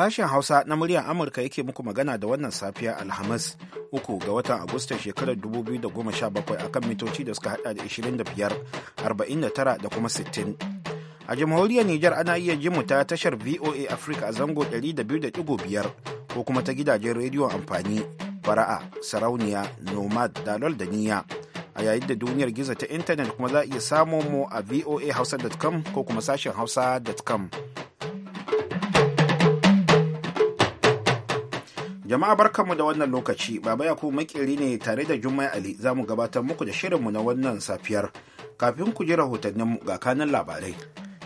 Sashen Hausa na muryar Amurka yake muku magana da wannan safiya Alhamis uku ga watan Agusta shekarar 2017 akan mitoci da suka hada da 25, 49 da kuma 60. A jamhuriyar Nijar ana iya ji mu ta tashar VOA Africa a zango 200.5 ko kuma ta gidajen rediyon amfani fara'a, sarauniya, nomad, dalol da niya A yayin da duniyar gizo ta intanet kuma za a iya samun mu a voahausa.com ko kuma sashen hausa.com. Jama'a barkanmu da wannan lokaci, Baba Yakubu makeri ne tare da Jummai Ali za mu gabatar muku da shirinmu na wannan safiyar. Kafin ku ji rahotanninmu ga kanan labarai.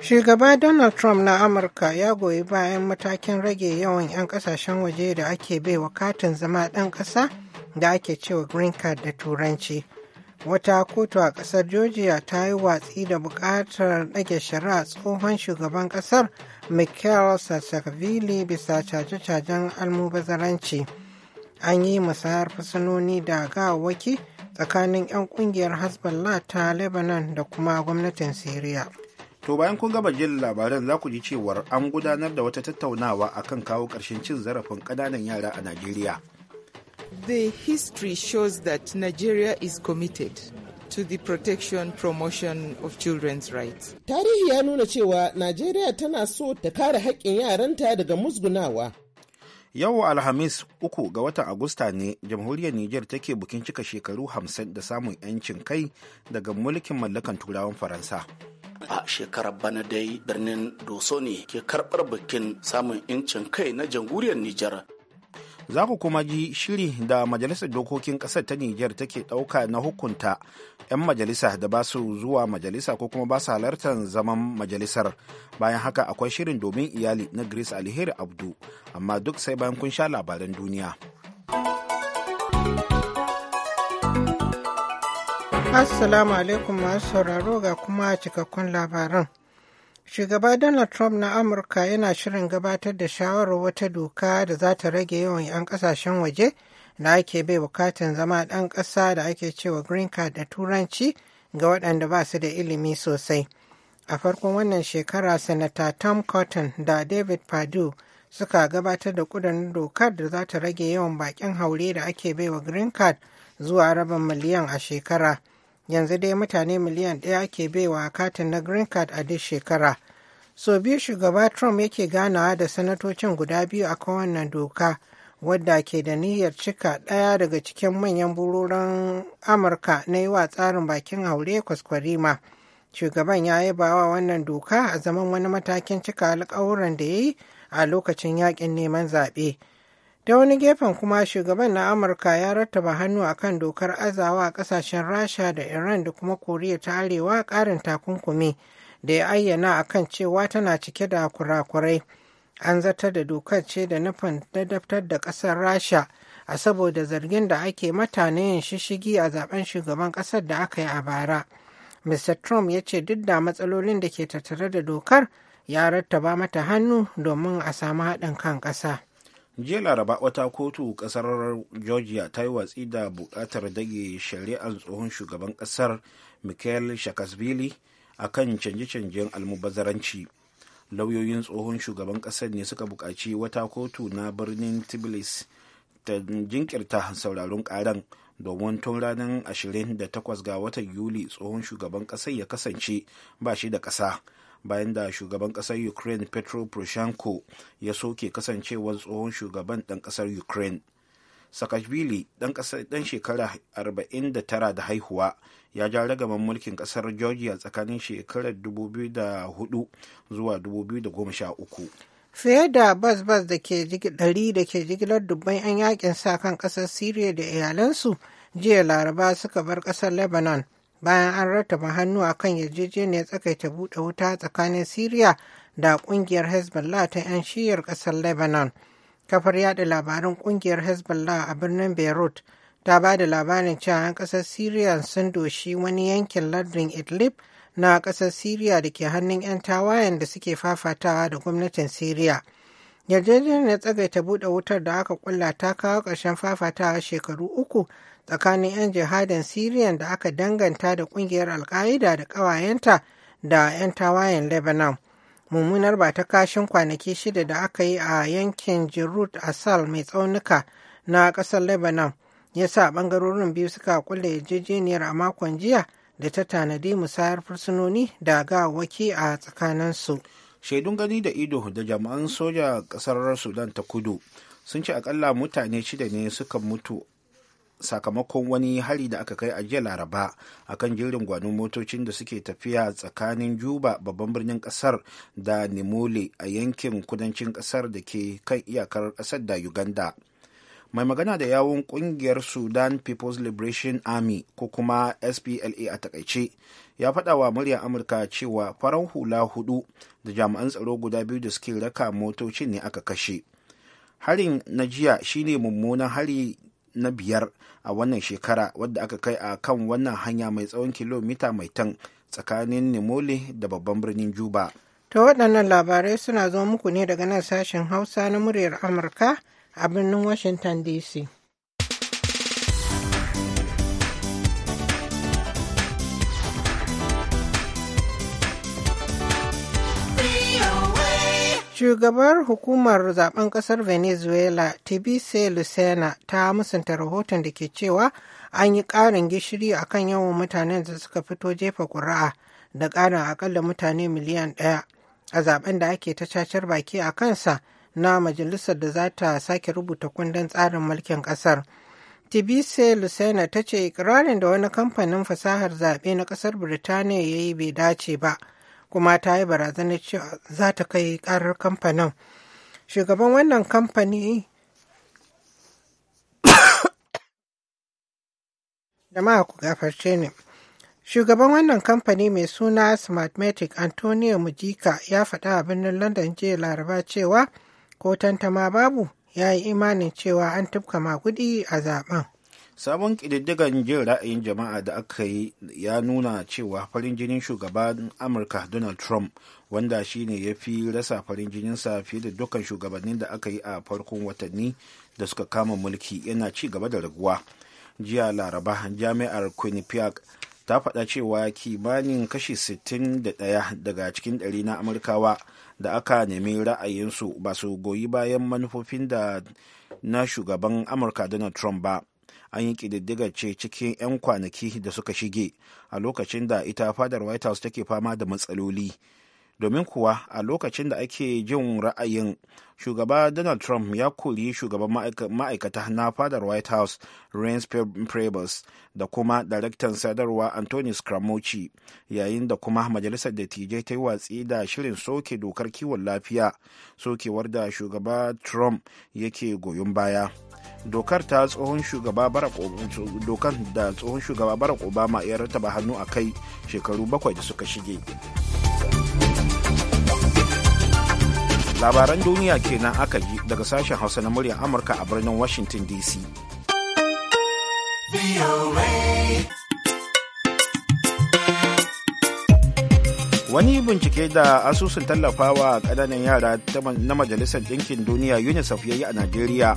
Shugaba Donald Trump na Amurka ya goyi bayan matakin rage yawan 'yan kasashen waje da ake baiwa katin zama ɗan ƙasa da ake cewa green card da turanci. wata kotu a kasar georgia ta yi watsi da bukatar ɗage shari'a tsohon shugaban kasar michael saakashvili bisa caje-cajen almubazaranci an yi musayar fasanoni da gawawaki tsakanin 'yan kungiyar hezbollah ta lebanon da kuma gwamnatin syria to bayan kun gaba jin labaran za ku ji cewar an gudanar da wata tattaunawa akan kawo ƙarshen cin zarafin ƙananan yara a najeriya The history shows that Nigeria is committed to the protection promotion of children's rights. Tarihi ya nuna cewa Najeriya tana so ta kare haƙƙin yaranta daga musgunawa. Yau Alhamis uku ga watan Agusta ne jamhuriyar Nijar take bukin cika shekaru hamsin da samun 'yancin kai daga mulkin mallakan turawan Faransa. a shekarar bana dai birnin doso ne ke karbar bikin samun incin kai na jamhuriyar Nijar za ku kuma ji shiri da majalisar dokokin ƙasar ta Nijar take ɗauka na hukunta 'yan majalisa da ba su zuwa majalisa ko kuma ba su halartar zaman majalisar. Bayan haka akwai shirin domin iyali na Grace Alheri Abdu, amma duk sai bayan kun sha labaran duniya. Assalamu alaikum masu sauraro ga kuma cikakkun labaran. Shugaba Donald Trump na Amurka yana shirin gabatar da shawarar wata doka da za ta rage yawan 'yan kasashen waje da ake bai bukatan zama ɗan ƙasa da ake cewa green card da turanci ga waɗanda ba su da ilimi sosai. A farkon wannan shekara, Sanata Tom Cotton da David Perdue suka gabatar da ƙudurin dokar da za ta rage yawan baƙin haure da ake baiwa green card zuwa rabin miliyan a shekara. yanzu dai mutane miliyan ɗaya ake baiwa katin na green card a duk shekara so biyu shugaba trump yake ganawa da sanatocin guda biyu a wannan doka wadda ke da niyyar cika ɗaya daga cikin manyan bururan amurka na yi wa tsarin bakin aure kwaskwarima shugaban ya yaba wa wannan doka a zaman wani matakin cika alkawuran da ya yi a lokacin yakin neman zaɓe. Ta wani gefen kuma shugaban na Amurka ya rattaba hannu akan dokar azawa a kasashen Rasha da Iran da kuma Koriya ta Arewa ƙarin takunkumi da ya ayyana a kan cewa tana cike da kurakurai. An zartar da dokar ce da nufin daftar da ƙasar Rasha a saboda zargin da ake mata na yin shishigi a zaben shugaban ƙasar da aka yi a bara. Mr. Trump ya ce duk da matsalolin da ke tattare da dokar ya rattaba mata hannu domin a samu haɗin kan ƙasa. jiya laraba wata kotu kasar georgia ta yi watsi da bukatar dage shari'ar tsohon shugaban kasar michael shakasvili a kan canje-canjen almubazzaranci lauyoyin tsohon shugaban kasar ne suka buƙaci wata kotu na birnin tbilisi ta jinkirta sauraron karan domin tun ranar 28 ga watan yuli tsohon shugaban kasar ya kasance ba shi da ƙasa bayan da shugaban kasar ukraine petro poroshenko ya soke kasancewar tsohon shugaban dan kasar ukraine sakashvili dan shekara 49 da haihuwa ya ja ragaban mulkin kasar georgia tsakanin shekarar 2004 zuwa 2013 fiye da bas bas da ke da jigilar dubban 'yan yakin sa kan kasar syria da iyalansu jiya laraba suka bar kasar lebanon bayan an rattaba hannu a kan yarjejeniyar tsakaita buɗe wuta tsakanin Siriya da ƙungiyar Hezbollah ta 'yan shiyar ƙasar Lebanon. Kafar yada labarin ƙungiyar Hezbollah a birnin Beirut ta ba da labarin cewa 'yan ƙasar Siriya sun doshi wani yankin lardin Idlib na ƙasar Siriya da ke hannun 'yan tawayen da suke fafatawa da gwamnatin Siriya. Yarjejeniyar tsagaita buɗe wutar da aka kulla ta kawo ƙarshen fafatawa shekaru uku tsakanin 'yan jihadin syrian da aka danganta da kungiyar alka'ida da ƙawayenta da 'yan tawayen lebanon mummunar ba ta kashin kwanaki shida da aka yi a yankin jirut asal mai tsaunuka na ƙasar lebanon ya sa ɓangarorin biyu suka kulle yarjejeniyar a makon jiya da ta tanadi musayar fursunoni da ga gawaki a tsakaninsu shaidun gani da ido da jama'an soja ƙasar sudan ta kudu sun ci akalla mutane shida ne suka mutu sakamakon wani hari da aka kai a jiya laraba a kan jerin gwanon motocin da suke tafiya tsakanin juba babban birnin kasar da nimole a yankin kudancin kasar da ke kan iyakar kasar da uganda mai magana da yawon kungiyar sudan people's liberation army ko kuma spla a takaice ya faɗa wa murya amurka cewa farar hula hudu da jami'an tsaro guda biyu da suke raka motocin ne aka kashe harin na jiya shine mummunan hari na biyar a wannan shekara wadda aka kai a kan wannan hanya mai tsawon kilomita mai tan tsakanin nimole da babban birnin juba to waɗannan labarai suna zo muku ne daga nan sashen hausa na muryar amurka a birnin washington dc Shugabar hukumar zaben kasar Venezuela, Tibise Lucena, ta musanta rahoton da ke cewa an yi ƙarin gishiri a kan yawan mutanen da suka fito jefa ƙuri'a da ƙarin akalla mutane miliyan ɗaya a zaben da ake ta cacar baki a kansa na majalisar da za ta sake rubuta kundin tsarin mulkin ƙasar. Tibise Lucena ta ce ikirarin da wani kamfanin fasahar zaɓe na ƙasar Birtaniya ya yi bai dace ba. kuma ta yi barazanar cewa za ta kai karar kamfanin shugaban wannan kamfani jama'a ku gafarce ne shugaban wannan kamfani mai suna smartmatic antonio mujika ya faɗa a birnin london jiya laraba cewa ko tantama babu ya yi imanin cewa an tufka magudi a zaben sabon ƙididdigan jin ra'ayin jama'a da aka yi ya nuna cewa farin jinin shugaban amurka donald trump wanda shine ya fi rasa farin sa fiye da dukkan shugabannin da aka yi a farkon watanni da suka kama mulki yana ci gaba da raguwa jiya laraba jami'ar quinnipiac ta faɗa cewa kimanin kashi 61 daga cikin ɗari na amurkawa da aka nemi ra'ayinsu ba su goyi bayan manufofin da na shugaban amurka donald trump ba an yi ƙididdigar ce cikin 'yan kwanaki da suka shige a lokacin da ita fadar white house take fama da matsaloli domin kuwa a lokacin da ake jin ra'ayin shugaba donald trump ya kori shugaban ma'aikata na fadar white house reince prebus da kuma daraktan sadarwa anthony scaramucci yayin da kuma majalisar dattijai ta yi watsi da shirin soke dokar kiwon lafiya sokewar da shugaba trump yake goyon baya dokar ta tsohon shugaba barak da tsohon shugaba barack obama ya rataba hannu a kai shekaru bakwai da suka shige labaran duniya kenan aka ji daga sashen hausa na muryar amurka a birnin washington dc wani bincike da asusun tallafawa kananan yara na majalisar ɗinkin duniya unicef ya yi a najeriya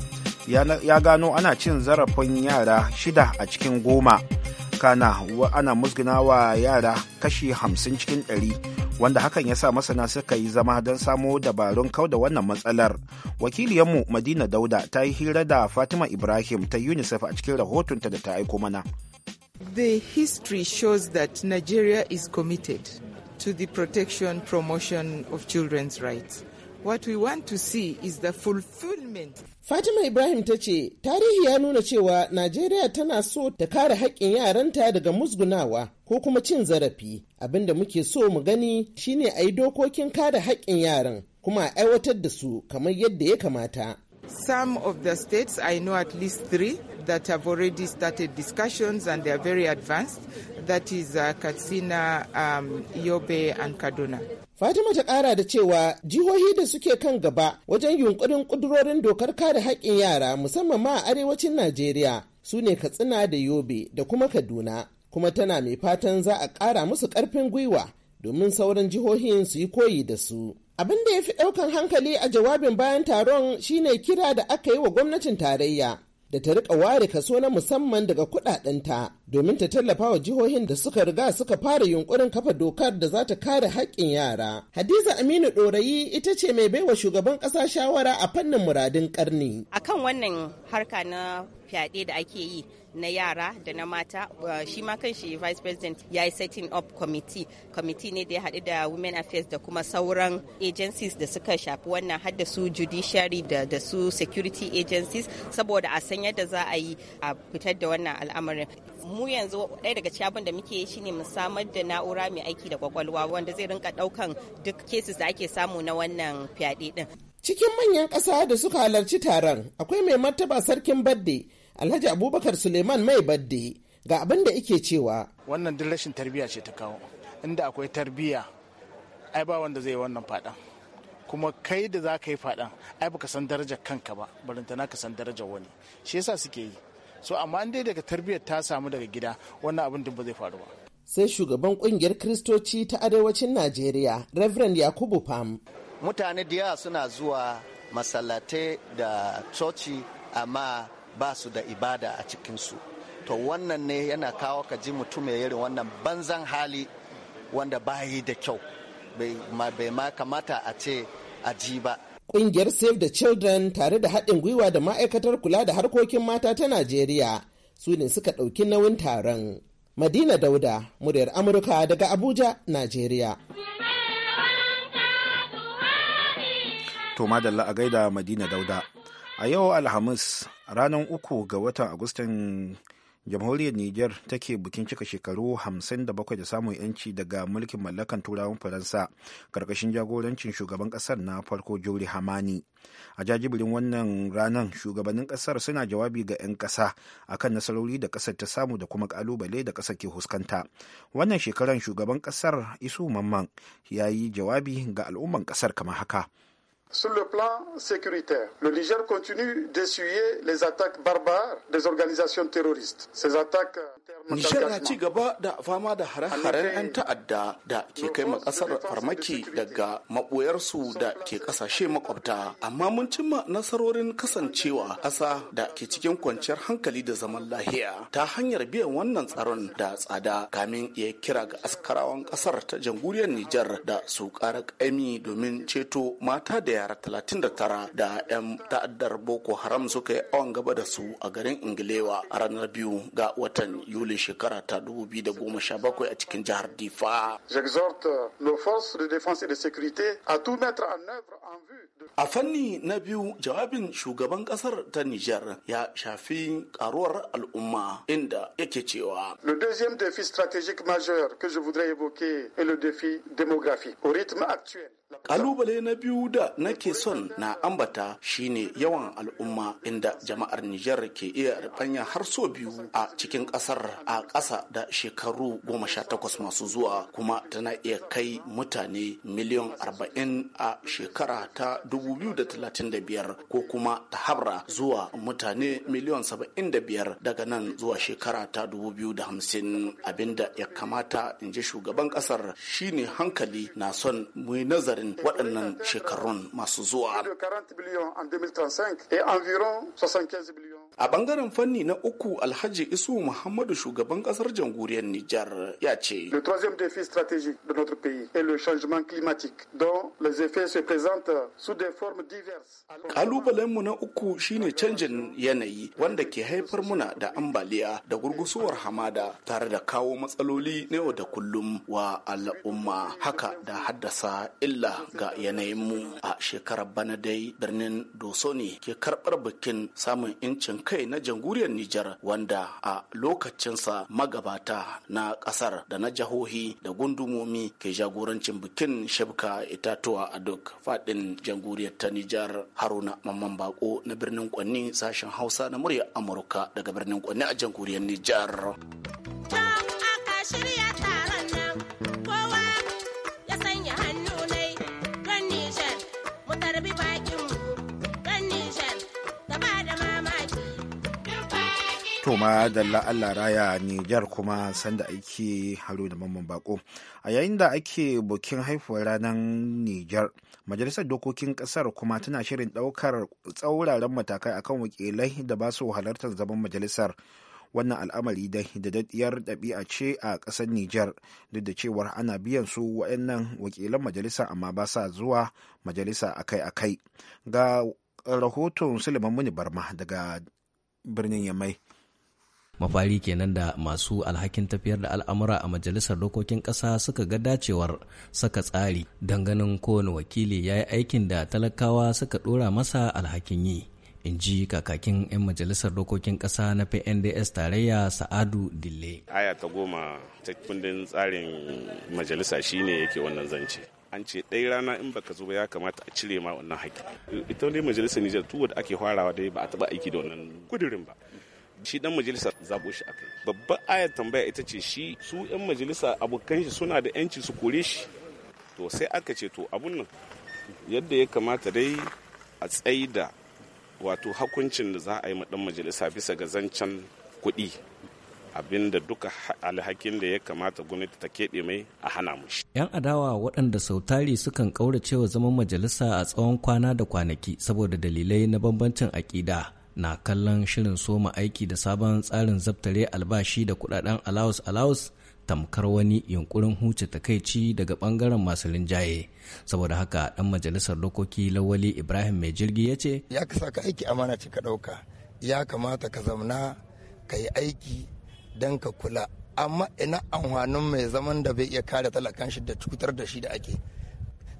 ya gano ana cin zarafin yara shida a cikin goma kana ana wa yara kashi hamsin cikin ɗari wanda hakan ya sa masana suka yi zama don samo dabarun kauda wannan matsalar wakiliyanmu madina dauda ta yi hira da fatima ibrahim ta unicef a cikin rahotonta da ta aiko mana the history shows that nigeria is committed to the protection promotion of children's rights what we want to see is the fulfillment Fatima Ibrahim ta ce tarihi ya nuna cewa Najeriya tana so ta kare haƙƙin yaranta daga musgunawa ko kuma cin zarafi. abin da muke so mu gani shine a yi dokokin kare haƙƙin yaran kuma a aiwatar da su kamar yadda ya kamata. Some of the states, I know at least three, that have already started discussions and they are very advanced. That is uh, Katsina, um, Yobe, and Kaduna. Fatima ta ƙara da cewa jihohi da suke kan gaba wajen yunkurin ƙudurorin dokar kare haƙƙin yara musamman ma a arewacin Najeriya su ne Katsina da Yobe da kuma Kaduna, kuma tana mai fatan za a ƙara musu ƙarfin gwiwa domin sauran jihohin su yi koyi da su. Abin da ya fi ɗaukan hankali a jawabin bayan taron shine kira da aka yi wa gwamnatin tarayya da ta rika ware kaso na musamman daga kudadenta domin ta tallafa wa jihohin da suka riga suka fara yunkurin kafa dokar da za ta kare haƙƙin yara. Hadiza Aminu Ɗorayi ita ce mai baiwa shugaban ƙasa shawara a fannin muradin ƙarni. Akan wannan harka na fyaɗe da ake yi na yara da na mata shi ma kan kanshi vice president ya yi setting up committee committee ne da ya haɗu da women affairs da kuma sauran agencies da suka shafi wannan hadda su judiciary da, da su security agencies saboda a san yadda za a yi a fitar da wannan al'amarin mu yanzu ɗaya daga cikin abin da muke yi shine mu samar da na'ura mai aiki da kwakwalwa wanda zai rinka ɗaukan duk cases da ake samu na wannan fyaɗe ɗin. Cikin manyan ƙasa da suka halarci taron akwai mai martaba sarkin badde Alhaji Abubakar Suleiman mai badde ga abin da ike cewa. Wannan duk rashin tarbiyya ce ta kawo. Inda akwai tarbiyya ai ba wanda zai wannan faɗan. kuma kai da za ka yi faɗan ai baka san darajar kanka ba barintana ka san darajar wani shi yasa suke yi so amma dai daga tarbiyyar ta samu daga gida wannan abin duk ba zai faru ba sai shugaban kungiyar kristoci ta arewacin najeriya reverend yakubu pam mutane da suna zuwa masallatai da coci amma ba su da ibada a cikinsu to wannan ne yana kawo ka ji mutum ya irin wannan banzan hali wanda bayi da kyau bai ma kamata a ce a ji ba Ƙungiyar Save the Children tare da haɗin gwiwa da ma'aikatar kula da harkokin mata ta Najeriya su ne suka ɗauki nauyin taron. Madina Dauda, muryar Amurka daga Abuja, Najeriya. To madalla a gaida Madina Dauda. a yau alhamis ranar uku ga watan agustan jamhuriyar niger take bikin cika shekaru 57 da samun yanci daga mulkin mallakan turawan faransa karkashin jagorancin shugaban kasar na farko jori hamani a jajibirin wannan ranar shugabannin kasar suna jawabi ga 'yan kasa akan nasarori da kasar ta samu da kuma kalubale da kasar ke huskanta wannan shekaran shugaban kasar isu mamman ya yi jawabi ga al'umman kasar kamar haka Sur le plan sécuritaire, le Niger continue d'essuyer les attaques barbares des organisations terroristes. Ces attaques euh, Nijar na ci gaba da fama da hare-haren 'yan ta'adda da ke kai ma ƙasar farmaki daga maɓoyarsu da ke ƙasashe makwabta. Amma mun cimma nasarorin kasancewa ƙasa da ke cikin kwanciyar hankali da zaman lahiya ta hanyar biyan wannan tsaron da tsada kamin ya kira ga askarawan ƙasar ta jamhuriyar Nijar da su ƙara ƙaimi domin ceto mata da yara 39 da 'yan ta'addar Boko Haram suka yi awon gaba da su a garin Ingilewa a ranar biyu ga watan Yuli zaben shekara ta 2017 a cikin jihar Difa. J'exhorte nos forces de défense et de sécurité à tout mettre en œuvre en vue A fanni na biyu jawabin shugaban kasar ta Nijar ya shafi karuwar al'umma inda yake cewa. Le deuxième défi stratégique majeur que je voudrais évoquer est le défi démographique. Au rythme actuel, Kalubale na biyu da nake son na ambata shine yawan al'umma inda jama'ar Nijar ke iya rufanya har so biyu a cikin kasar a ƙasa da shekaru goma sha takwas masu zuwa kuma tana iya kai mutane miliyan arba'in a shekara ta 2035 ko kuma ta habra zuwa mutane miliyan 75 daga nan zuwa shekara ta 2050 abinda ya kamata in ji shugaban kasar shine hankali na son mu nazarin waɗannan shekarun masu zuwa. A bangaren fanni na uku Alhaji Isu Muhammadu shugaban kasar jamhuriyar Nijar ya ce. Le troisième défi stratégique de notre pays est le changement climatique dont les effets se présentent sous des formes Kalubalen mu na uku shine canjin yanayi wanda ke haifar muna da ambaliya da gurgusuwar hamada tare da kawo matsaloli na yau da kullum wa al'umma haka da haddasa illa ga yanayinmu a shekarar bana dai birnin Doso ne ke karɓar bikin samun incin kai na jamhuriyar Nijar wanda a lokacinsa magabata na ƙasar da na jihohi da gundumomi ke jagorancin bikin shabka itatuwa a duk faɗin jamhuriyar ta Nijar Haruna Mamman Bako na birnin Kwanni sashen Hausa na murya Amurka daga birnin Kwanni a jamhuriyar Nijar. to ma dalla allah raya nijar kuma sanda ake haro da mamman bako a yayin da ake bukin haifuwar ranar nijar majalisar dokokin kasar kuma tana shirin daukar tsauraran matakai akan wakilai da ba su halartar zaman majalisar wannan al'amari da daddiyar ɗabi'a ce a ƙasar Nijar duk da cewar ana biyan su waɗannan wakilan majalisa amma ba sa zuwa majalisa akai-akai. Ga rahoton Suleiman Muni Barma daga birnin Yamai. mafari kenan da masu alhakin tafiyar da al'amura a majalisar dokokin ƙasa suka ga dacewar saka tsari don ganin kowane wakili ya yi aikin da talakawa suka ɗora masa alhakin yi in ji kakakin 'yan majalisar dokokin ƙasa na pnds tarayya sa'adu dille aya ta goma ta kundin tsarin majalisa shine yake wannan zance an ce ɗaya rana in baka zo ba ya kamata a cire ma wannan haƙƙi ita ne majalisar nijar tuwa da ake farawa dai ba a taɓa aiki da wannan kudirin ba shi dan majalisar zabo shi akai Babban ayar tambaya ita ce shi su yan majalisa abokan shi suna da yanci su kore shi to sai aka ce to abun nan yadda ya kamata dai a da wato hakuncin da za a yi ma dan majalisa bisa ga zancen kuɗi abinda duka alhakin da ya kamata gwamnati ta keɓe mai a hana mu shi. 'Yan adawa waɗanda sautari sukan ƙaurace wa zaman majalisa a tsawon kwana da kwanaki saboda dalilai na bambancin aƙida na kallon shirin soma aiki da sabon tsarin zabtare albashi da kudaden alawus alawus tamkar wani yunkurin huce takaici daga bangaren masu linjaye saboda haka dan majalisar dokoki lawali ibrahim mai jirgi ya ce ya ka saka aiki amana ce ka dauka ya kamata ka zamna ka yi aiki don ka kula amma ina amfanin mai zaman da bai iya kare talakan shi da cutar da shi da ake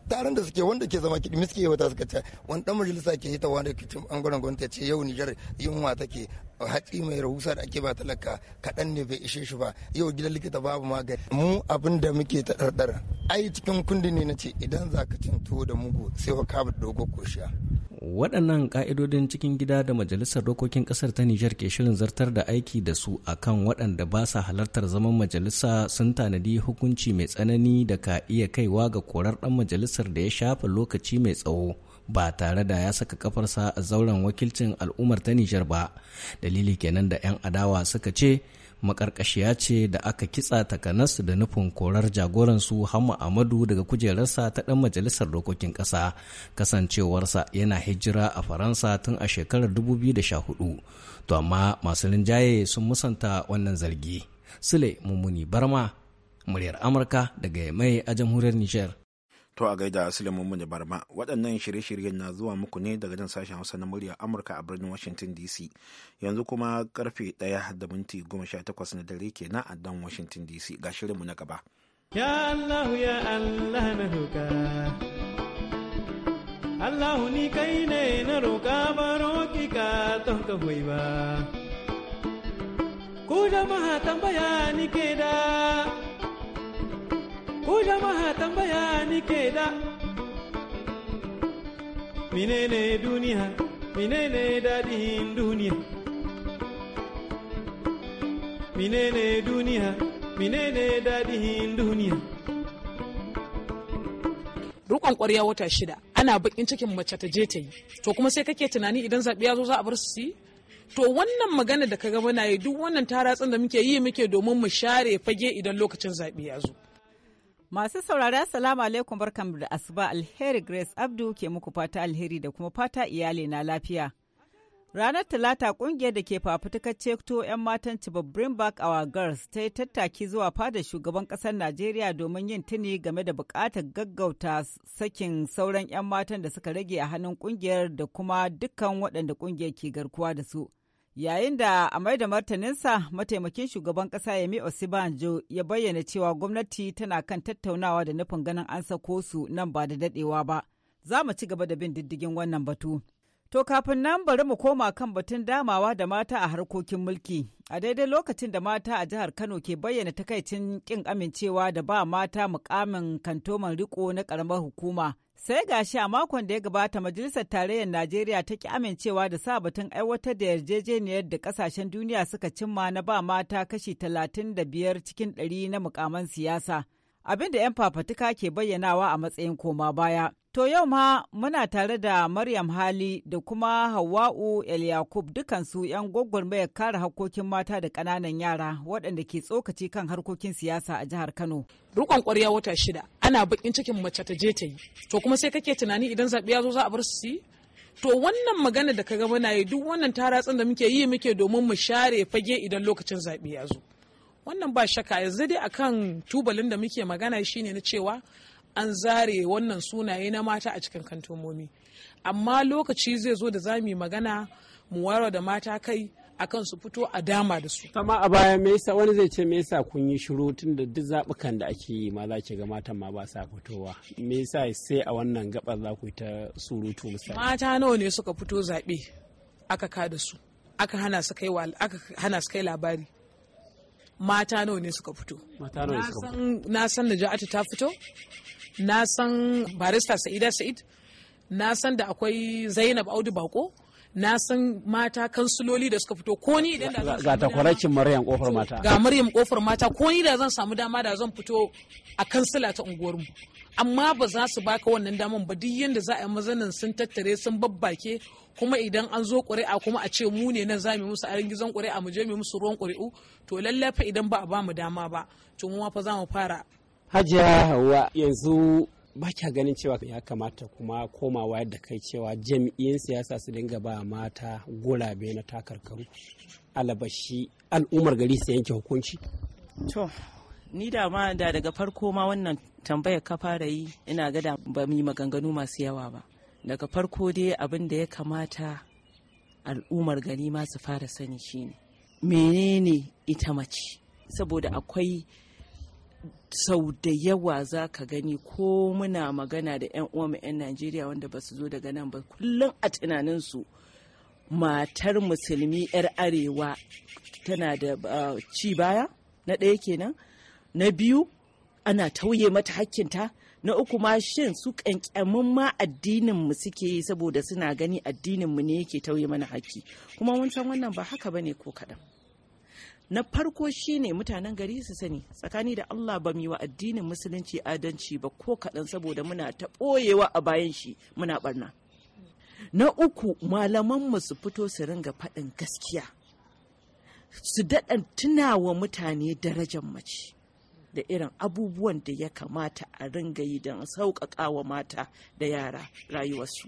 taron da suke wanda ke zama kiɗi suke wata suka ce wani dan majalisa ke yi ta wani kicin bangaren gwamnati ce yau Nijar yunwa take hatsi mai rahusa da ake ba talaka kaɗan ne bai ishe shi ba yau gidan likita babu magani mu abin da muke ta ɗarɗar ai cikin kundi ne na ce idan za ka cin tuwo da mugu sai wa kabu dogo koshiya waɗannan ƙa'idodin cikin gida da majalisar dokokin ƙasar ta nijar ke shirin zartar da aiki da su akan waɗanda ba sa halartar zaman majalisa sun tanadi hukunci mai tsanani da ka iya kaiwa ga korar ɗan majalisar da ya shafa lokaci mai tsawo ba tare da ya saka kafarsa a zauren wakilcin al'ummar ta nijar ba dalili kenan da 'yan adawa suka ce makarkashiya ce da aka kitsa takanas da nufin korar jagoransu hamma amadu daga kujerarsa ta ɗan majalisar dokokin ƙasa kasancewarsa yana hijira a faransa tun a shekarar 2014 to amma masu rinjaye sun musanta wannan zargi sule mummuni barma muryar amurka daga mai a jamhuriyar niger To a gaida Sulaiman da Barma, waɗannan shirye-shiryen na zuwa muku ne daga nan sashen Hausa na murya Amurka a birnin Washington DC. Yanzu kuma karfe ɗaya da minti goma sha takwas na dare kenan a dan Washington DC ga shirinmu na gaba. Ya Allah ya Allah na roƙa. Allah ni kai ne na roƙa ba roƙi ka don ka ba. Ku jama'a tambaya ni ke da. Ku jama'a tambaya ni ke da. Menene duniya, menene dadihin duniya. Menene duniya, menene dadihin duniya. Rukon ƙwarya wata shida, ana bakin cikin mace ta je ta yi. To kuma sai kake tunani idan zaɓe ya zo za a bar su to wannan magana da ka gaba na yi duk wannan taratsin da muke yi muke domin mu share fage idan lokacin zaɓe ya zo Masu saurari Assalamu alaikum barkamu da asuba alheri Grace Abdu ke muku fata alheri da kuma fata iyali na lafiya. Ranar Talata kungiyar da ke fafutukar ceto 'yan matan Chibok a Back Our Girls ta yi tattaki zuwa fadar shugaban ƙasar Najeriya domin yin tuni game da buƙatar gaggauta sakin sauran 'yan matan da suka rage a hannun kungiyar da kuma dukkan waɗanda kungiyar ke garkuwa da su. yayin da a mai da martaninsa mataimakin shugaban kasa mi osibanjo ya bayyana cewa gwamnati tana kan tattaunawa da nufin ganin an sako su nan ba da dadewa ba za mu ci gaba da bin diddigin wannan batu to kafin nan bari mu koma kan batun damawa da mata a harkokin mulki a daidai lokacin da mata a jihar kano ke bayyana takaicin kin amincewa da ba mata mukamin kantoman riko na karamar hukuma Sai gashi a makon da ya gabata Majalisar Tarayyar Najeriya ta ki amincewa da sa batun aiwatar da yarjejeniyar da kasashen duniya suka cimma na ba mata kashi talatin da biyar cikin ɗari na mukaman siyasa. abin da 'yan fafatuka ke bayyanawa a matsayin koma baya. To yau ma muna tare da Maryam Hali da kuma Hawwa'u El Yakub dukansu 'yan gwagwarmayar kare harkokin mata da ƙananan yara waɗanda ke tsokaci kan harkokin siyasa a jihar Kano. Rukon ƙwarya wata shida ana bakin cikin mace ta je ta yi. To kuma sai kake tunani idan zaɓe ya zo za a bar su yi? To wannan magana da ka ga muna yi duk wannan taratsin da muke yi muke domin mu share fage idan lokacin zaɓe ya zo. wannan ba shaka yanzu dai akan tubalin da muke magana shine na cewa an zare wannan sunaye na mata a cikin kantomomi amma lokaci zai zo da zami magana mu wara da mata kai akan su fito a dama da su. Amma a baya me yasa wani zai ce me yasa kun yi shiru tun da duk zabukan da ake yi ma za ga matan ma ba sa fitowa. Me yasa sai a wannan gabar za ku yi ta surutu misali. Mata nawa ne suka fito zaɓe aka da su aka hana su kai aka hana su kai labari mata nawa ne suka fito na san naja'atu ta fito na san barista sa'ida sa'id na san da akwai zainab audu bako na san mata kansuloli da suka fito ko ni idan da ga takwarakin maryam kofar mata ga maryam kofar mata ko ni da zan samu dama da zan fito a kansila ta unguwar mu amma ba za su baka wannan daman ba duk yanda za a yi mazanin sun tattare sun babbake kuma idan an zo ƙuri'a kuma a ce mu ne nan za mu musu arin gizon ƙuri'a mu je mu musu ruwan ƙuri'u to lallai fa idan ba a ba mu dama ba to mu ma fa za mu fara Hajiya wa yanzu ba kya ganin cewa ya kamata kuma komawa yadda kai cewa jami'in siyasa su dinga ba mata gurabe na takarkaru alabashi al'ummar gari su yanke hukunci to ni da ma da daga farko ma wannan tambayar ka fara yi ina gada da ba mu yi maganganu masu yawa ba daga farko dai abin da ya kamata al'ummar gari ma su fara sani shine menene ita mace saboda akwai sau da yawa za ka gani ko muna magana da 'yan uwanmu 'yan najeriya wanda ba su zo daga nan ba kullum a tunaninsu matar musulmi 'yar arewa tana da ah, ci baya na ɗaya kenan na biyu ana tauye mata hakkinta na uku ma shin su kankamin ma addinin mu suke yi saboda suna gani addinin mu ne yake tauye mana hakki kuma mun san wannan ba haka bane ko kaɗan. na farko shine mutanen gari su sani tsakani da Allah ba mu wa addinin musulunci adalci ba ko kaɗan saboda muna ta ɓoyewa a bayan shi muna barna na uku malaman mu su fito su ringa faɗin gaskiya su daɗan tunawa mutane darajar mace da irin abubuwan da ya kamata a ringa yi don sauƙaƙawa mata da yara rayuwarsu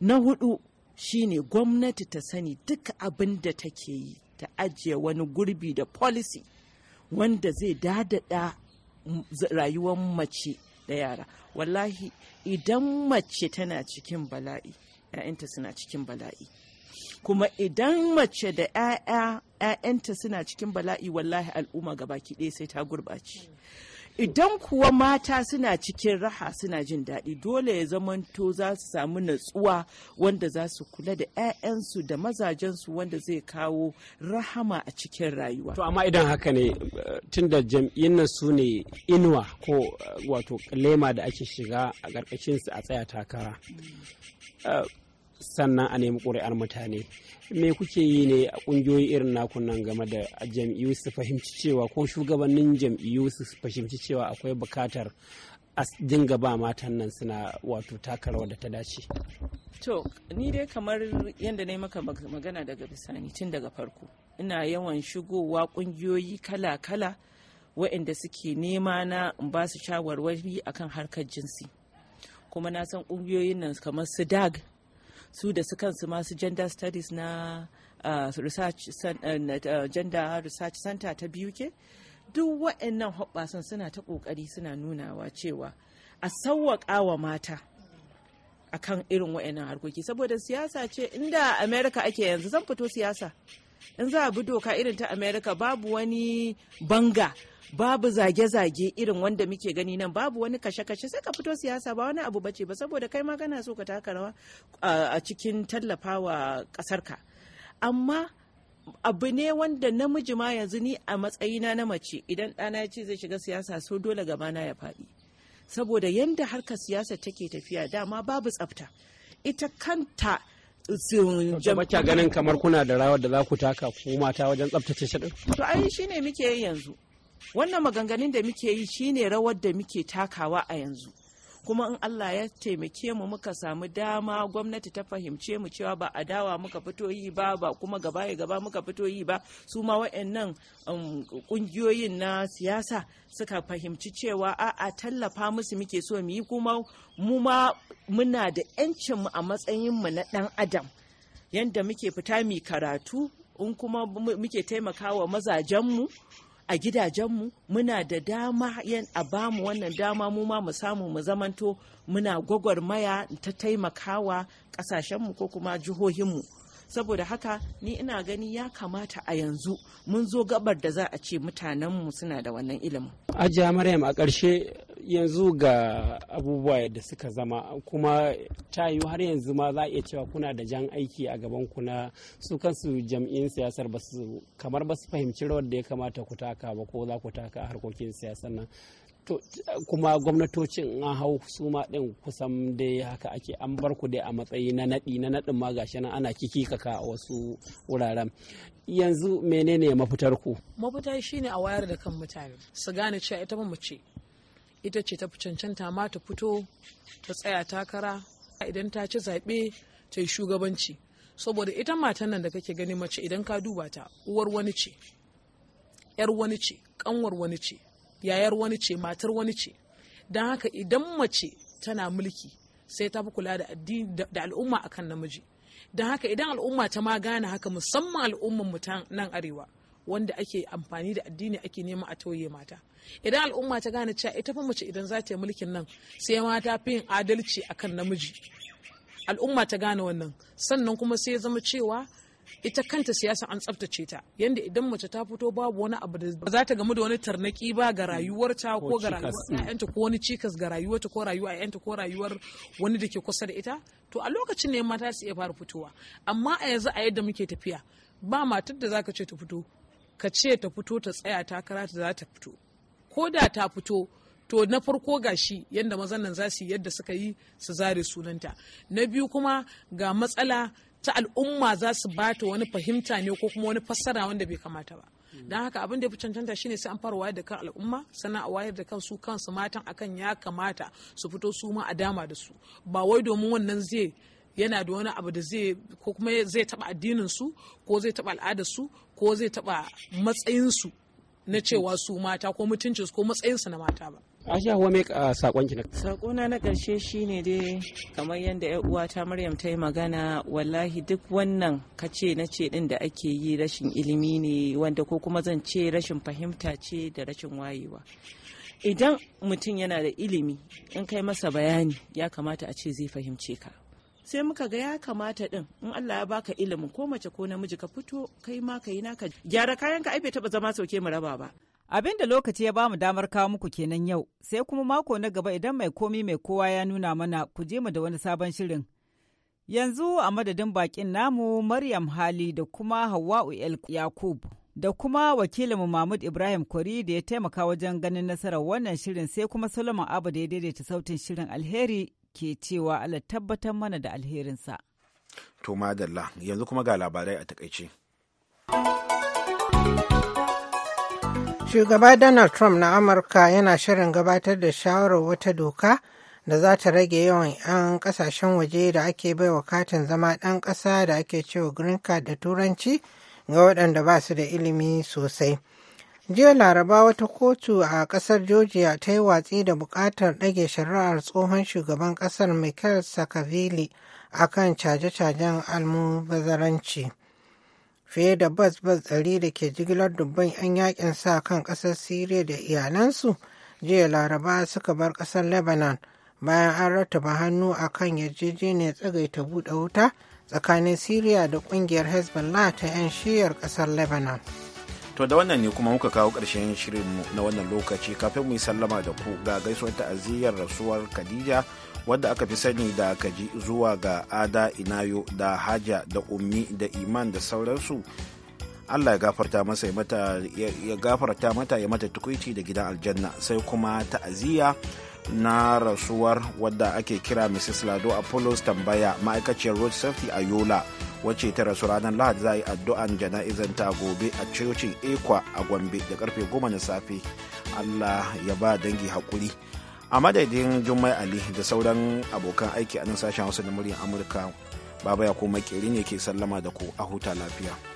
na hudu shine gwamnati ta sani duka abin da take yi ta ajiye wani gurbi da policy wanda zai dadada rayuwar mace da yara wallahi idan mace tana cikin bala'i 'ya'yanta suna cikin bala'i kuma idan mace da 'ya'yanta suna cikin bala'i wallahi al'umma gabaki ɗaya sai ta gurɓace. idan kuwa mata suna cikin raha suna jin daɗi dole ya zamanto za su samu natsuwa wanda za su kula da 'ya'yansu da mazajensu wanda zai kawo rahama a cikin rayuwa to amma idan haka ne eh, tun da jam'iyyun nan su ne inuwa ko eh, wato lema da ake shiga a ƙarƙashinsu a tsaya takara eh, sannan a nemi ƙuri'ar mutane me kuke yi ne a ƙungiyoyi irin naku nan game da jam'iyyu su fahimci cewa ko shugabannin jam'iyyu su fahimci cewa akwai bukatar a dinga ba matan nan suna wato takarwa da ta dace to ni dai kamar yadda na maka magana daga bisani tun daga farko ina yawan shigowa ƙungiyoyi kala-kala waɗanda suke nema na basu ba su shawarwari akan harkar jinsi kuma na san ƙungiyoyin nan kamar su dag su da su kansu masu gender studies na uh, research uh, uh, gender research center ta biyu ke duk wa'annan hoɓɓasan suna ta ƙoƙari suna nunawa cewa a sauwaƙa wa mata akan irin wa'annan harkoki saboda siyasa ce inda america ake yanzu zan fito siyasa in za a bi doka irin ta america babu wani banga babu zage-zage irin wanda muke gani nan babu wani kashe-kashe sai ka fito siyasa ba wani abu bace ba saboda kai magana kana so ka taka rawa a cikin tallafawa ƙasarka. amma abu ne wanda namiji ma yanzu ni a matsayina na mace idan ɗana ya ce zai shiga siyasa so dole gabana ya faɗi saboda yanda harkar siyasa take tafiya dama babu tsafta ita kanta Bacca ganin kamar kuna da rawar da za ku taka ku mata wajen tsaftace shi To ai shi ne muke yi yanzu. Wannan maganganun da muke yi shi ne rawar da muke takawa a yanzu. kuma in Allah ya taimake mu muka samu dama gwamnati ta fahimce mu cewa ba a dawa muka fito yi ba ba kuma gaba ya gaba muka fito yi ba su ma wa'annan kungiyoyin um, na siyasa suka fahimci cewa a'a tallafa musu muke so mu yi kuma mu ma muna da 'yancin mu a matsayin mu na dan adam yanda muke fita mu karatu in kuma muke taimakawa mazajenmu a gidajenmu muna da dama a bamu wannan dama mu ma mu samu mu zamanto muna gwagwarmaya ta taimakawa ƙasashenmu ko kuma jihohinmu saboda haka ni ina gani ya kamata a yanzu mun zo gabar da za a ce mutanenmu suna da wannan ilimin ajiya maryam a ƙarshe yanzu ga abubuwa yadda suka zama kuma ta yi har yanzu ma za a iya cewa kuna da jan aiki a gaban kuna su kansu jam'in siyasar ba su kamar ba su fahimci rawar da ya kamata ku taka ba ko za ku taka a harkokin siyasar nan kuma gwamnatocin an hau su ma ɗin kusan dai haka ake an bar ku dai a matsayi na naɗi na naɗin ma gashi nan ana kiki kaka a wasu wuraren yanzu menene mafitar ku mafitar shine a wayar da kan mutane su gane cewa ita ba mace ita ce ta cancanta ma ta fito ta tsaya takara idan ta ci zaɓe ta yi shugabanci saboda ita matan nan da kake gani mace idan ka duba ta uwar wani ce yar wani ce kanwar wani ce yayar wani ce matar wani ce don haka idan mace tana mulki sai ta fi kula da da al'umma akan namiji don haka idan al'umma ta ma gane haka musamman al'umman mu nan arewa wanda ake amfani da addini ake nema a tauye mata idan al'umma ta gane cewa ita fa mace idan za ta yi mulkin nan sai mata fi yin adalci akan namiji al'umma ta gane wannan sannan kuma sai ya zama cewa ita kanta siyasa an tsaftace ta yanda idan mace ta fito babu wani abu da ba za ta gamu da wani tarnaki ba ga rayuwarta ko ga rayuwar ko wani cikas ga rayuwarta ko rayuwa a yanta ko rayuwar wani da ke kusa da ita to a lokacin ne mata su iya fara fitowa amma a yanzu a yadda muke tafiya ba matar da zaka ce ta fito ka ce ta fito ta tsaya takara ta za ta fito ko da ta fito to na farko ga shi yadda mazan nan za su yi yadda suka yi su zare sunanta na biyu kuma ga matsala ta al'umma za su bata wani fahimta ne ko kuma wani fassara wanda bai kamata ba don haka abin da ya fi cancanta shine sai an fara wayar da kan al'umma sannan a wayar da kan su kansu matan akan ya kamata su fito su ma a dama da su ba wai domin wannan zai yana da wani abu da zai ko kuma zai taba addinin su ko zai taba al'adar su ko zai taba matsayin su na cewa su mata ko mutuncin su ko matsayin su na mata ba Aisha Huwa me ah, sakon ki na sakona na karshe shine dai kamar yadda ƴan uwata Maryam ta yi magana wallahi duk wannan kace na ce din da ake yi rashin ilimi ne wanda ko kuma zan ce rashin fahimta ce da rashin wayewa. Idan mutum yana da ilimi in kai masa bayani ya kamata a ce zai fahimce ka. sai muka ga ya kamata din in Allah ya baka ilimin ko mace ko namiji ka fito kai ma ka yi naka gyara kayan ka ai bai taba zama sauke mu raba ba Abin da lokaci ya bamu damar kawo muku kenan yau, sai kuma mako na gaba idan mai komi mai kowa ya nuna mana ku je mu da wani sabon shirin. Yanzu a madadin bakin namu Maryam Hali da kuma Hawwa'u El Yakub da kuma wakilinmu Mahmud Ibrahim kori da ya taimaka wajen ganin nasarar wannan shirin sai kuma Solomon Abu da ya daidaita sautin shirin alheri ke cewa Allah tabbatar mana da alherinsa. To madalla yanzu kuma ga labarai a takaice. Shugaba Donald Trump na Amurka yana shirin gabatar da shawarar wata doka da za ta rage yawan 'yan kasashen waje da ake bai wa katin zama ɗan ƙasa da ake cewa green card da turanci ga waɗanda ba su da ilimi sosai. Jiya Laraba wata kotu a ƙasar Georgia ta yi watsi da buƙatar ɗage shari'ar tsohon shugaban ƙasar Michael sakavili akan caje-cajen almubazaranci. fiye da bas-bas tsari da ke jigilar dubban 'yan yakin sa kan kasar Siriya da iyalansu jiya laraba suka bar kasar Lebanon bayan an rattaba hannu a kan yarjejeniyar tsagaita buɗe wuta tsakanin Siriya da ƙungiyar Hezbollah ta 'yan shiyar kasar Lebanon. To da wannan ne kuma muka kawo ƙarshen shirinmu na wannan lokaci kafin mu yi sallama da ku ga gaisuwar ta'aziyyar rasuwar Khadija wadda aka fi sani da kaji zuwa ga ada inayo da haja da ummi da iman da sauransu allah ya gafarta masa ya gafarta mata ya mata tukuici da gidan aljanna sai kuma ta'aziyya na rasuwar wadda ake kira mrs lado apollos tambaya ma'aikaciyar road safety a yola wacce ta rasu ranar lahadi za a yi addu'an jana'izan ta gobe a cocin ekwa a gombe da karfe goma na safe allah ya ba dangi haƙuri a madadin jummai ali da sauran abokan aiki a nan sashen hausa da muryar amurka baba ya koma ne ke sallama da ku a huta lafiya